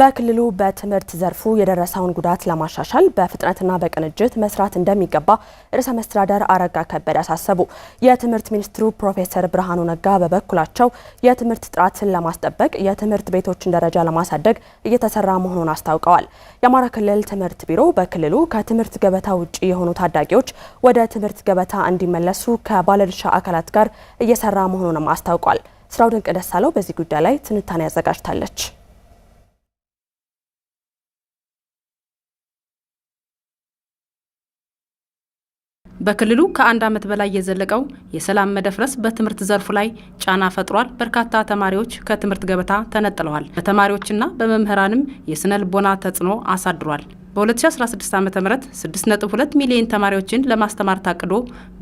በክልሉ በትምህርት ዘርፉ የደረሰውን ጉዳት ለማሻሻል በፍጥነትና በቅንጅት መስራት እንደሚገባ ርዕሰ መስተዳደር አረጋ ከበደ አሳሰቡ። የትምህርት ሚኒስትሩ ፕሮፌሰር ብርሃኑ ነጋ በበኩላቸው የትምህርት ጥራትን ለማስጠበቅ የትምህርት ቤቶችን ደረጃ ለማሳደግ እየተሰራ መሆኑን አስታውቀዋል። የአማራ ክልል ትምህርት ቢሮ በክልሉ ከትምህርት ገበታ ውጭ የሆኑ ታዳጊዎች ወደ ትምህርት ገበታ እንዲመለሱ ከባለድርሻ አካላት ጋር እየሰራ መሆኑንም አስታውቋል። ስራው ድንቅ ደሳለው በዚህ ጉዳይ ላይ ትንታኔ አዘጋጅታለች። በክልሉ ከአንድ ዓመት በላይ የዘለቀው የሰላም መደፍረስ በትምህርት ዘርፉ ላይ ጫና ፈጥሯል። በርካታ ተማሪዎች ከትምህርት ገበታ ተነጥለዋል። በተማሪዎችና በመምህራንም የስነ ልቦና ተጽዕኖ አሳድሯል። በ2016 ዓ ም 6.2 ሚሊዮን ተማሪዎችን ለማስተማር ታቅዶ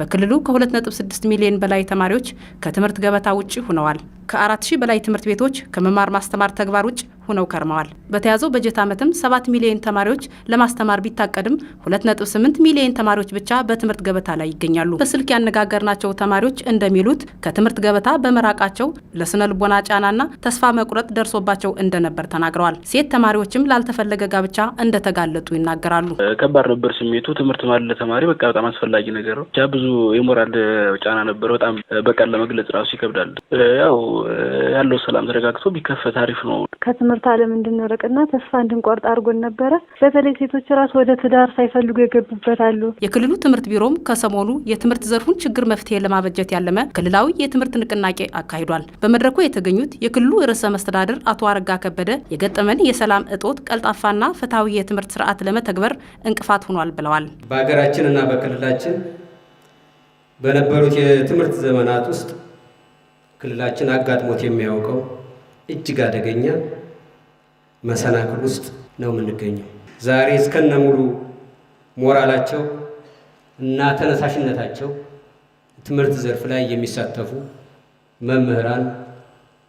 በክልሉ ከ2.6 ሚሊዮን በላይ ተማሪዎች ከትምህርት ገበታ ውጭ ሆነዋል። ከአራት ሺህ በላይ ትምህርት ቤቶች ከመማር ማስተማር ተግባር ውጭ ሆነው ከርመዋል። በተያዘው በጀት ዓመትም 7 ሚሊዮን ተማሪዎች ለማስተማር ቢታቀድም 2.8 ሚሊዮን ተማሪዎች ብቻ በትምህርት ገበታ ላይ ይገኛሉ። በስልክ ያነጋገርናቸው ተማሪዎች እንደሚሉት ከትምህርት ገበታ በመራቃቸው ለስነ ልቦና ጫናና ተስፋ መቁረጥ ደርሶባቸው እንደነበር ተናግረዋል። ሴት ተማሪዎችም ላልተፈለገ ጋብቻ እንደተጋለጡ ይናገራሉ። ከባድ ነበር ስሜቱ። ትምህርት ማለት ለተማሪ በቃ በጣም አስፈላጊ ነገር ነው። ብዙ የሞራል ጫና ነበር። በጣም በቃል ለመግለጽ ራሱ ይከብዳል ያው ያለው ሰላም ተረጋግቶ ቢከፈት አሪፍ ነው። ከትምህርት ዓለም እንድንርቅና ተስፋ እንድንቆርጥ አድርጎን ነበረ። በተለይ ሴቶች ራሱ ወደ ትዳር ሳይፈልጉ አሉ። የክልሉ ትምህርት ቢሮም ከሰሞኑ የትምህርት ዘርፉን ችግር መፍትሄ ለማበጀት ያለመ ክልላዊ የትምህርት ንቅናቄ አካሂዷል። በመድረኩ የተገኙት የክልሉ ርዕሰ መስተዳድር አቶ አረጋ ከበደ የገጠመን የሰላም እጦት ቀልጣፋና ፍትሐዊ የትምህርት ስርዓት ለመተግበር እንቅፋት ሆኗል ብለዋል። በሀገራችን በክልላችን በነበሩት የትምህርት ዘመናት ውስጥ ክልላችን አጋጥሞት የሚያውቀው እጅግ አደገኛ መሰናክል ውስጥ ነው የምንገኘው። ዛሬ እስከነ ሙሉ ሞራላቸው እና ተነሳሽነታቸው ትምህርት ዘርፍ ላይ የሚሳተፉ መምህራን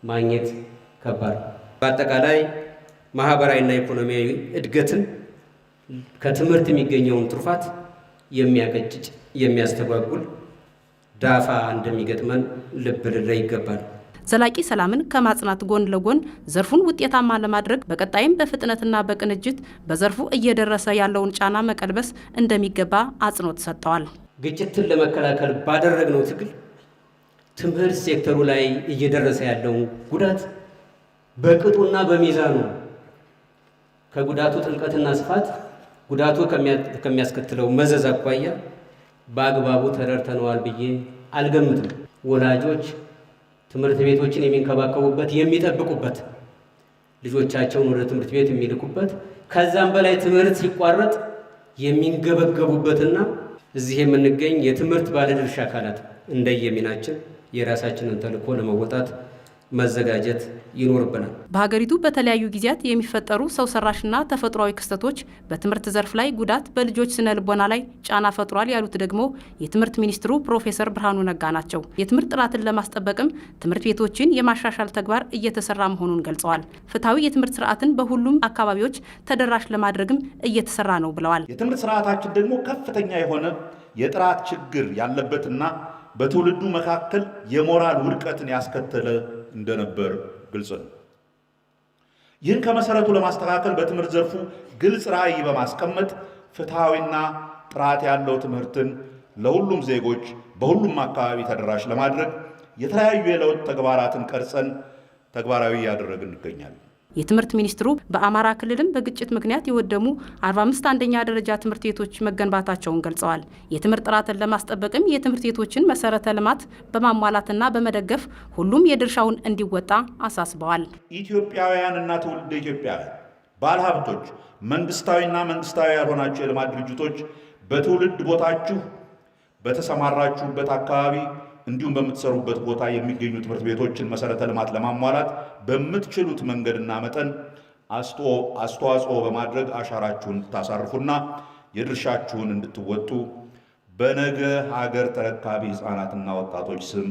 ማግኘት ከባድ ነው። በአጠቃላይ እና ኢኮኖሚያዊ እድገትን ከትምህርት የሚገኘውን ትሩፋት የሚያቀጭጭ የሚያስተጓጉል ዳፋ እንደሚገጥመን ልብ ይገባል። ዘላቂ ሰላምን ከማጽናት ጎን ለጎን ዘርፉን ውጤታማ ለማድረግ በቀጣይም በፍጥነትና በቅንጅት በዘርፉ እየደረሰ ያለውን ጫና መቀልበስ እንደሚገባ አጽንኦት ሰጥተዋል። ግጭትን ለመከላከል ባደረግነው ትግል ትምህርት ሴክተሩ ላይ እየደረሰ ያለውን ጉዳት በቅጡና በሚዛኑ ከጉዳቱ ጥልቀትና ስፋት ጉዳቱ ከሚያስከትለው መዘዝ አኳያ በአግባቡ ተረድተነዋል ብዬ አልገምትም። ወላጆች ትምህርት ቤቶችን የሚንከባከቡበት የሚጠብቁበት፣ ልጆቻቸውን ወደ ትምህርት ቤት የሚልኩበት ከዛም በላይ ትምህርት ሲቋረጥ የሚንገበገቡበትና እዚህ የምንገኝ የትምህርት ባለድርሻ አካላት እንደየሚናችን የራሳችንን ተልዕኮ ለመወጣት መዘጋጀት ይኖርብናል። በሀገሪቱ በተለያዩ ጊዜያት የሚፈጠሩ ሰው ሰራሽና ተፈጥሯዊ ክስተቶች በትምህርት ዘርፍ ላይ ጉዳት፣ በልጆች ስነ ልቦና ላይ ጫና ፈጥሯል ያሉት ደግሞ የትምህርት ሚኒስትሩ ፕሮፌሰር ብርሃኑ ነጋ ናቸው። የትምህርት ጥራትን ለማስጠበቅም ትምህርት ቤቶችን የማሻሻል ተግባር እየተሰራ መሆኑን ገልጸዋል። ፍትሐዊ የትምህርት ስርዓትን በሁሉም አካባቢዎች ተደራሽ ለማድረግም እየተሰራ ነው ብለዋል። የትምህርት ስርዓታችን ደግሞ ከፍተኛ የሆነ የጥራት ችግር ያለበትና በትውልዱ መካከል የሞራል ውድቀትን ያስከተለ እንደነበር ግልጽ ነው። ይህን ከመሰረቱ ለማስተካከል በትምህርት ዘርፉ ግልጽ ራዕይ በማስቀመጥ ፍትሐዊና ጥራት ያለው ትምህርትን ለሁሉም ዜጎች በሁሉም አካባቢ ተደራሽ ለማድረግ የተለያዩ የለውጥ ተግባራትን ቀርጸን ተግባራዊ እያደረግን እንገኛለን። የትምህርት ሚኒስትሩ በአማራ ክልልም በግጭት ምክንያት የወደሙ 45 አንደኛ ደረጃ ትምህርት ቤቶች መገንባታቸውን ገልጸዋል። የትምህርት ጥራትን ለማስጠበቅም የትምህርት ቤቶችን መሰረተ ልማት በማሟላትና በመደገፍ ሁሉም የድርሻውን እንዲወጣ አሳስበዋል። ኢትዮጵያውያንና ትውልደ ኢትዮጵያውያን ባለሀብቶች፣ መንግስታዊና መንግስታዊ ያልሆናቸው የልማት ድርጅቶች በትውልድ ቦታችሁ በተሰማራችሁበት አካባቢ እንዲሁም በምትሰሩበት ቦታ የሚገኙ ትምህርት ቤቶችን መሰረተ ልማት ለማሟላት በምትችሉት መንገድና መጠን አስተዋጽኦ በማድረግ አሻራችሁን እንድታሳርፉና የድርሻችሁን እንድትወጡ በነገ ሀገር ተረካቢ ሕፃናትና ወጣቶች ስም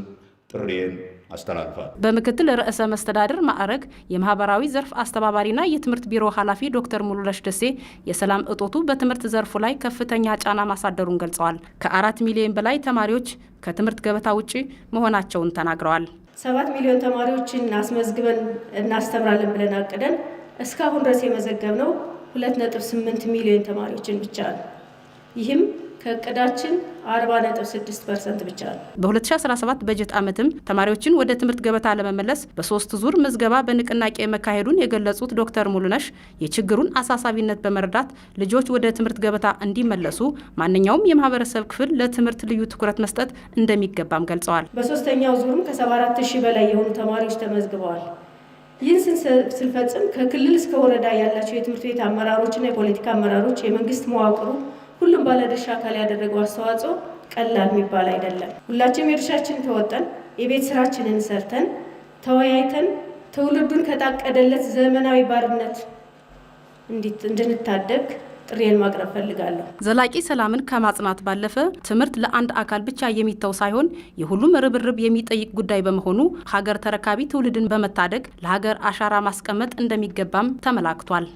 ጥሬን አስተላልፏል። በምክትል ርዕሰ መስተዳድር ማዕረግ የማህበራዊ ዘርፍ አስተባባሪና የትምህርት ቢሮ ኃላፊ ዶክተር ሙሉለሽ ደሴ የሰላም እጦቱ በትምህርት ዘርፉ ላይ ከፍተኛ ጫና ማሳደሩን ገልጸዋል። ከአራት ሚሊዮን በላይ ተማሪዎች ከትምህርት ገበታ ውጪ መሆናቸውን ተናግረዋል። ሰባት ሚሊዮን ተማሪዎችን አስመዝግበን እናስተምራለን ብለን አቅደን እስካሁን ድረስ የመዘገብነው ሁለት ነጥብ ስምንት ሚሊዮን ተማሪዎችን ብቻ ነው። ይህም ከእቅዳችን 46 ፐርሰንት ብቻ ነው። በ2017 በጀት ዓመትም ተማሪዎችን ወደ ትምህርት ገበታ ለመመለስ በሶስት ዙር ምዝገባ በንቅናቄ መካሄዱን የገለጹት ዶክተር ሙሉነሽ የችግሩን አሳሳቢነት በመረዳት ልጆች ወደ ትምህርት ገበታ እንዲመለሱ ማንኛውም የማህበረሰብ ክፍል ለትምህርት ልዩ ትኩረት መስጠት እንደሚገባም ገልጸዋል። በሶስተኛው ዙርም ከ74 ሺህ በላይ የሆኑ ተማሪዎች ተመዝግበዋል። ይህን ስንፈጽም ከክልል እስከ ወረዳ ያላቸው የትምህርት ቤት አመራሮችና የፖለቲካ አመራሮች የመንግስት መዋቅሩ ባለድርሻ አካል ያደረገው አስተዋጽኦ ቀላል የሚባል አይደለም። ሁላችንም የድርሻችን ተወጠን የቤት ስራችንን ሰርተን ተወያይተን ትውልዱን ከታቀደለት ዘመናዊ ባርነት እንድንታደግ ጥሬን ማቅረብ ፈልጋለሁ። ዘላቂ ሰላምን ከማጽናት ባለፈ ትምህርት ለአንድ አካል ብቻ የሚተው ሳይሆን የሁሉም ርብርብ የሚጠይቅ ጉዳይ በመሆኑ ሀገር ተረካቢ ትውልድን በመታደግ ለሀገር አሻራ ማስቀመጥ እንደሚገባም ተመላክቷል።